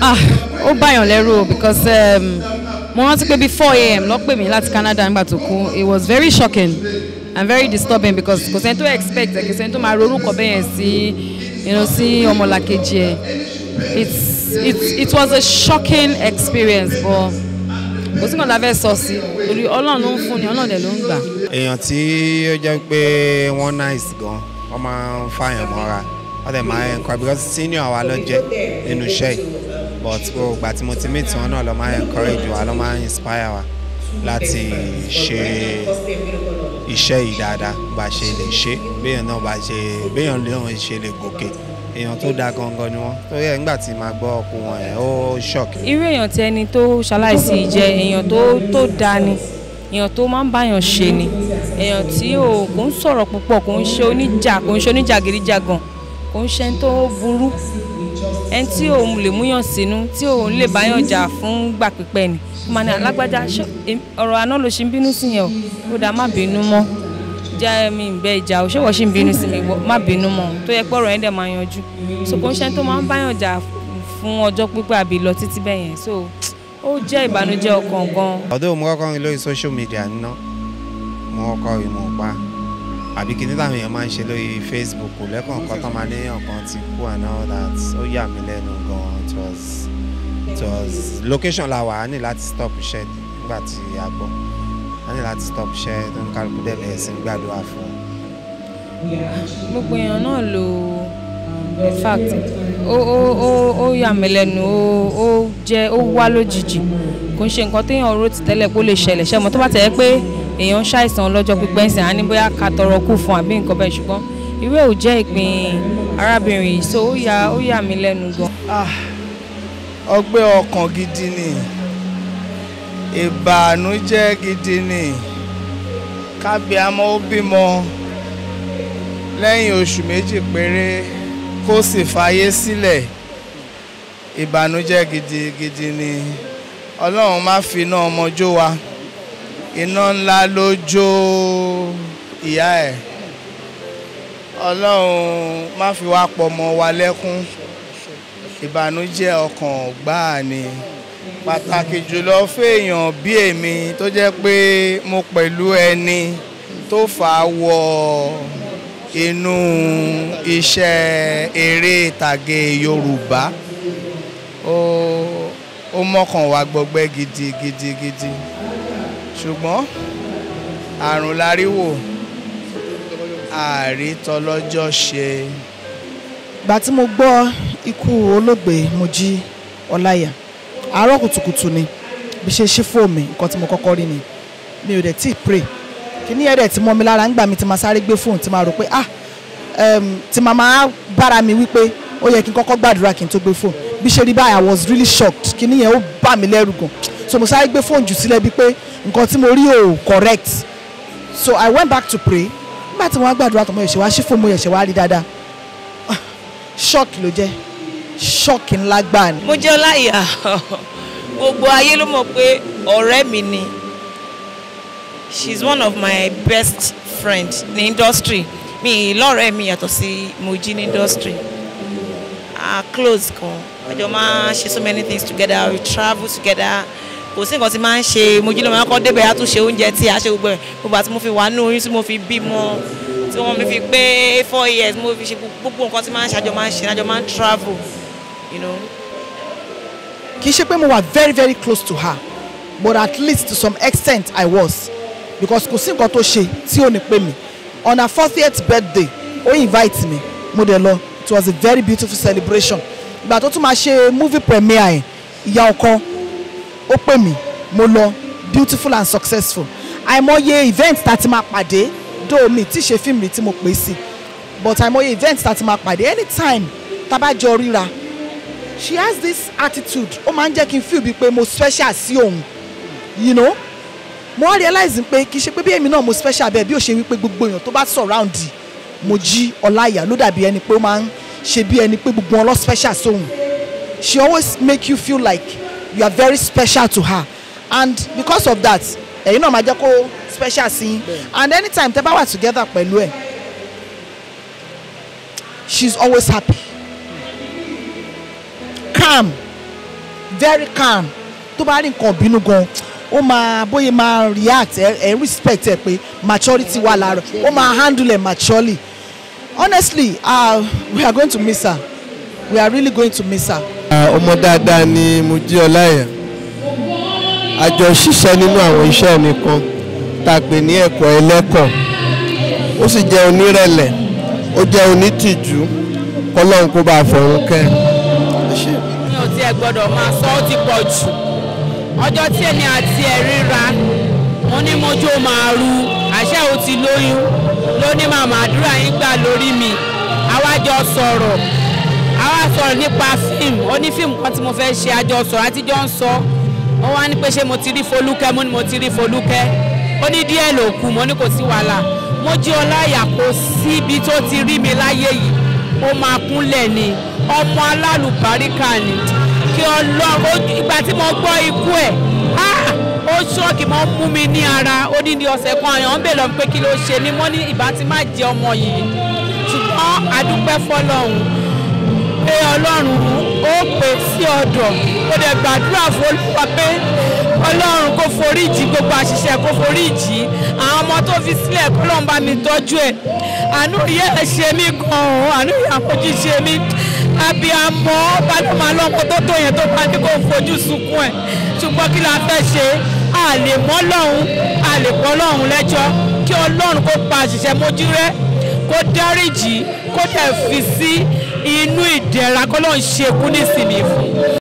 ah ó báyàn lẹ́rù o because um, mo rántí pé bíi four a.m. ló pè mí láti Canada nígbà tó kú it was very shocking and very disturbing because kò sẹ́ni tó expect kò sẹ́ni tó máa ronú kọ bẹ́ẹ̀ sí sí ọmọlàkejì ẹ̀ it's it's it was a shocking experience but kò sí kànlá fẹ́ sọ sí torí ọlọ́run ló ń fún ni ọlọ́run dẹ̀ ló ń gbà. èèyàn tí ó jẹ́ pé wọ́n nice gan wọ́n máa ń fààyàn mọ́ra wọ́n dẹ̀ máa ń kọ́ because senior àwa ló jẹ́ nínú iṣẹ́ yìí but gbogbo ìgbà tí mo ti meet wọn náà ló máa encourage wa ló máa inspire wa láti ṣe iṣẹ́ yìí dáadáa bá ṣe lè ṣe béèyàn náà bá ṣe béèyàn lóun ṣe lè gòkè èèyàn tó dáa gangan ni wọn tó yẹ nígbà tí màá gbọ́ ọkùn wọn yẹn ó ṣọ̀kì. irú èèyàn tí ẹni tó ṣaláìsí jẹ èèyàn tó tó dáa ni èèyàn tó máa ń báyàn ṣe ni èèyàn tí kò ń sọ̀rọ̀ púpọ̀ kò ń ṣe oníjà kò ń ṣe oníjàgídíjàgan kò ń ṣe tó burú ẹni tí òun lè múyàn sínú tí òun lè báyàn jà fún gbà pípẹ́ ni ó ní alágbájá ọ̀rọ̀ àná ló ṣe ń bínú sí yẹn o ó dáa má bínú mọ́ jẹ́ mi ìbẹ́ ìjà o ṣé wọ́n ṣì ń bínú sí mi má bínú mọ́ tó yẹ pé ọ̀rọ̀ máa yanjú so kò ń ṣe tó máa ń báyàn jà fún ọjọ́ pípẹ́ àbí lọ títí bẹ́ẹ̀ yẹn so ó jẹ́ ìbànújẹ́ ọkàn gan. ọ̀dọ́ mo kọ́kọ́ lórí social media náà mo kọ́kọ́ rí mo pa àbí kí ní táwọn èèyàn máa ń ṣe lórí Facebook lẹ́kọ̀ọ̀kan tó máa ní ọ̀kan ti kú and all that ó yà mí lẹ́nu gan it was it was location la wà á ní láti stop iṣẹ́ nígbà tí a gbọ́ á ní láti stop iṣẹ́ tó ń kálukú dẹ̀ bẹ̀rẹ̀ sí gbàdúrà fún un. gbogbo èèyàn náà ló in fact ó ó ó ó yà mí lẹ́nu ó ó jẹ́ ó wá lójijì kò ń ṣe nǹkan téèyàn rò ti tẹ́lẹ̀ kó lè ṣẹlẹ̀ ṣẹ́ mọ́ tó bá tẹ̀ ẹ́ pé èèyàn ń ṣàìsàn ọlọ́jọ́ pípẹ́ ń á ní bóyá ká tọrọ kù fún àbí nǹkan bẹ́ẹ̀ ṣùgbọ́n irú ò jẹ́ ìpín arábìnrin yìí so ó yà ó yà mí lẹ́nu gan. Ah, ọgbẹ́ ọkàn gidi ni ìbànújẹ́ gidi ni kábíàmọ́ ó bímọ lẹ́yìn oṣù méjì péré kó sì fàyè sílẹ̀ ìbànújẹ́ gidigidi ni ọlọ́run má fi iná ọmọ jó wa iná ńlá ló jó ìyá ẹ̀ ọlọ́run má fi wá pọ̀ mọ́ wa lẹ́kún ìbànújẹ́ ọkàn gbáà ni pàtàkì jùlọ fèèyàn bí èmi tó jẹ́ pé mo pẹ̀lú ẹni tó fà á wọ inú iṣẹ́ eré ìtàgé Yorùbá ó mọ̀kàn wá gbọgbẹ́ gidigidigidi. Gidi, gidi ṣùgbọ́n àrùn láríwò àrítọlọ́jọ́ ṣe. ìgbà tí mo gbọ́ ikú olóògbé Mojí Ọláìyá àárọ̀ kùtùkùtù ni bí ṣe ṣí fóònù nǹkan tí mo kọ́kọ́ rí ni mi ò dẹ̀ tí ì pray kíní ẹ̀rẹ̀ tí mọ́ mi lára ń gbà mí tí máa sáré gbé fóònù tí máa rò pé ah tí màmá bára mi wípé ó yẹ kí n kọ́kọ́ gbàdúrà kí n tó gbé fóònù bí ṣe rí báyìí I was really shocked kíní yẹn ó bà mí lẹ́rù gan so mo sáré gbé fóònù jù sílẹ̀ bíi pé nǹkan tí mo rí ò correct so i went back to pray nígbà tí wọ́n á gbàdúrà tó mo ẹ̀ṣẹ̀ wá sí fún mo ẹ̀ṣẹ̀ wá rí dáadáa ah, shock ló jẹ́ shock ńlá gbà ni. mo jẹ́ ọláyà gbogbo ayé ló mọ̀ pé ọ̀rẹ́ mi ni she is one of my best friend ní industry mi lọ́rẹ̀ẹ́ mi yàtọ̀ sí Moji ní industry ah close kan àjọ máa ṣe so many things together we travel together kò sí nǹkan tí máa ń ṣe mojú lọ́mọ débẹ̀ á tún ṣe oúnjẹ tí a ṣe gbogbo ẹ̀ gbogbo àti mo fi wà nínú oyún tí mo fi bímọ tí wọ́n mi fi pé four years mo fi ṣe gbogbo nǹkan tí máa ń ṣe àjọ máa ń ṣe àjọ máa ń travel kì í ṣe pé mo wà very very close to her but at least to some extent I was because kò sí nǹkan tó ṣe tí ò ní pè mí on her fortieth birthday ó invite me mo dẹ̀ lọ it was a very beautiful celebration ìgbà tó tún máa ṣe movie premiere yẹn ìyá ọkọ ó pè mí mo lọ beautiful and successful àìmọye event tá a ti máa pàdé dóò mi tí ṣe fíìmù tí mo pè sí but àìmọye event tá a ti máa pàdé anytime tá a bá jọ ríra she has this attitude ó máa ń jẹ́ kí n feel bíi pé mo special sí òun you know mo wá realize pé kì í ṣe pé bí èmi náà mo special bẹ́ẹ̀ bí ó ṣe wípé gbogbo èèyàn tó bá surround mo jí ọláyà ló dàbí ẹni pé ó máa ń ṣe bí ẹni pé gbogbo wọn special sóhun she always make you feel like you are very special to her and because of that ẹ̀yin eh, náà máa jẹ́ kó special sí and anytime they bá together pẹ̀lú ẹ̀ she's always happy calm very calm tó bá rí nǹkan bínú gan ó máa bóyá máa react ẹ eh, eh, respect ẹ pé maturity wà lára ó máa handle ẹ maturely honestly uh, we are going to miss her we are really going to miss her. ọmọ dáadáa ni Mojíọláìyá a jọ ṣiṣẹ́ nínú àwọn iṣẹ́ mi kan tá a pè ní ẹ̀kọ́ ẹlẹ́kọ̀ọ́ ó sì jẹ́ onírẹ̀lẹ̀ ó jẹ́ onítìjú kọ́lọ́hún kó bá a fọ̀rún kẹ́. mi ò tiẹ̀ gbọ́dọ̀ máa sọ ó ti pọ̀ jù ọjọ́ tí èmi àti ẹ̀ ríra mo ní mojó máa ru àṣẹ ò ti lóyún ló màmá àdúrà yín gbà lórí mi àwa sọ̀rọ̀ a wá sọ̀rọ̀ nípa fíìmù ó ní fíìmù kan tí mo fẹ́ ṣe àjọsọ àtijọ́ ń sọ ó wá ní pé ṣé mo ti rí Folúkẹ́ mo ní mo ti rí Folúkẹ́ ó ní díẹ̀ ló kù mo ní kò sí wàhálà Mójíọlá Àyàkó síbi tó ti rí mi láyé yìí ó máa kúnlẹ̀ ni ọmọ alálùbáríkà ni kí ọlọ́run ìgbà tí mo gbọ́ ikú ẹ̀ ó ṣọ́ọ̀kì mọ́ mú mi ní ara ó ní ní ọ̀sẹ̀ kan àyàn ń bèèrè pé kí ló ṣe ni mo ní ìbá ti má jẹ ọmọ yìí ṣùgbọ́n a dúpẹ́ pé ọlọ́run ó pè sí ọ̀dọ̀ ó dẹ̀ gbàdúrà fún olúwa pé ọlọ́run kó forí jì gbogbo àṣìṣe kó forí jì àwọn ọmọ tó fi sílẹ̀ kó lọ́n bá mi tọ́jú ẹ̀ àánú ìyá ẹ̀ ṣe mí gan-an àánú ìyá àfojú ṣe mí abiyamọ ọba ló tó tó yẹn tó bá ní kó fojú sunkún ẹ̀ ṣùgbọ́n kí la fẹ́ ṣe a lè lọ́hùn a lọ́hùn lẹ́jọ́ kí ọlọ́run kó pa àṣìṣe mójú rẹ́ kó dáríjì kó dẹ̀ fi sí. Si inú ìdẹ̀ra kọ́lọ́ ń ṣe kú nísìnyí fún.